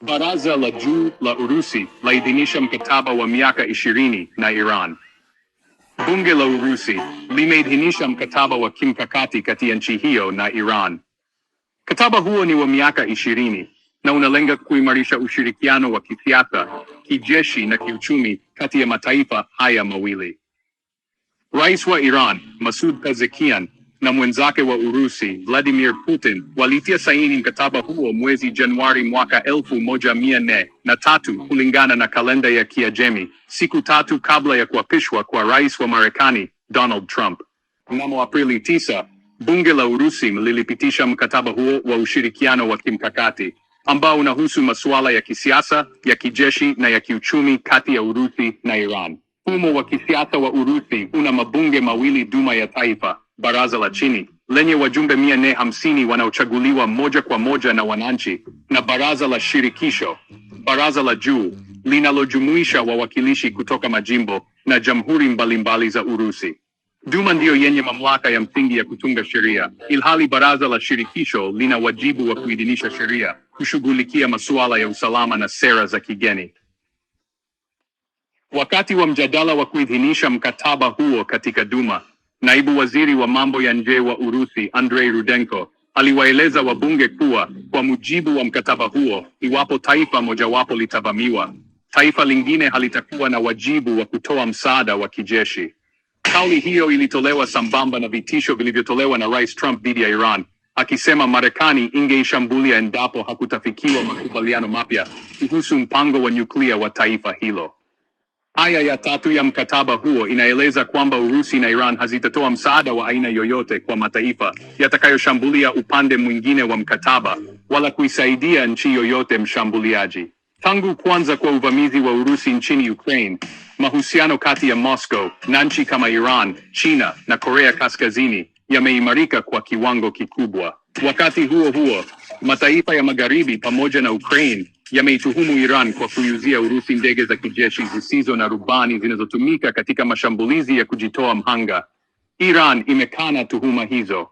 Baraza la Juu la Urusi laidhinisha mkataba wa miaka ishirini na Iran. Bunge la Urusi limeidhinisha mkataba wa kimkakati kati ya nchi hiyo na Iran. Mkataba huo ni wa miaka ishirini na unalenga kuimarisha ushirikiano wa kisiasa, kijeshi na kiuchumi kati ya mataifa haya mawili. Rais wa Iran, Masoud Pezeshkian, na mwenzake wa Urusi Vladimir Putin walitia saini mkataba huo mwezi Januari mwaka elfu moja mia nne na tatu kulingana na kalenda ya Kiajemi, siku tatu kabla ya kuapishwa kwa rais wa Marekani Donald Trump. Mnamo Aprili tisa, bunge la Urusi lilipitisha mkataba huo wa ushirikiano wa kimkakati ambao unahusu masuala ya kisiasa, ya kijeshi na ya kiuchumi kati ya Urusi na Iran. Mfumo wa kisiasa wa Urusi una mabunge mawili, duma ya taifa baraza la chini lenye wajumbe mia nne hamsini wanaochaguliwa moja kwa moja na wananchi, na baraza la shirikisho, baraza la juu linalojumuisha wawakilishi kutoka majimbo na jamhuri mbalimbali za Urusi. Duma ndiyo yenye mamlaka ya msingi ya kutunga sheria, ilhali baraza la shirikisho lina wajibu wa kuidhinisha sheria, kushughulikia masuala ya usalama na sera za kigeni. Wakati wa mjadala wa kuidhinisha mkataba huo katika Duma, Naibu waziri wa mambo ya nje wa Urusi Andrei Rudenko aliwaeleza wabunge kuwa kwa mujibu wa mkataba huo, iwapo taifa mojawapo litavamiwa, taifa lingine halitakuwa na wajibu wa kutoa msaada wa kijeshi. Kauli hiyo ilitolewa sambamba na vitisho vilivyotolewa na Rais Trump dhidi ya Iran, akisema Marekani ingeishambulia endapo hakutafikiwa makubaliano mapya kuhusu mpango wa nyuklia wa taifa hilo. Aya ya tatu ya mkataba huo inaeleza kwamba Urusi na Iran hazitatoa msaada wa aina yoyote kwa mataifa yatakayoshambulia upande mwingine wa mkataba wala kuisaidia nchi yoyote mshambuliaji. Tangu kuanza kwa uvamizi wa Urusi nchini Ukraine, mahusiano kati ya Moscow na nchi kama Iran, China na Korea Kaskazini yameimarika kwa kiwango kikubwa. Wakati huo huo, Mataifa ya Magharibi pamoja na Ukraine yameituhumu Iran kwa kuiuzia Urusi ndege za kijeshi zisizo na rubani zinazotumika katika mashambulizi ya kujitoa mhanga. Iran imekana tuhuma hizo.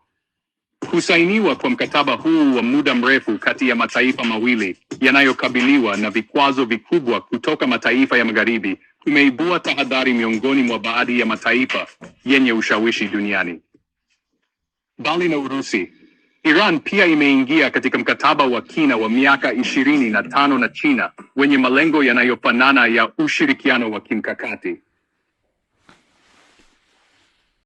Kusainiwa kwa mkataba huu wa muda mrefu kati ya mataifa mawili yanayokabiliwa na vikwazo vikubwa kutoka mataifa ya Magharibi kumeibua tahadhari miongoni mwa baadhi ya mataifa yenye ushawishi duniani. Bali na Urusi Iran pia imeingia katika mkataba wa kina wa miaka ishirini na tano na China wenye malengo yanayofanana ya ushirikiano wa kimkakati.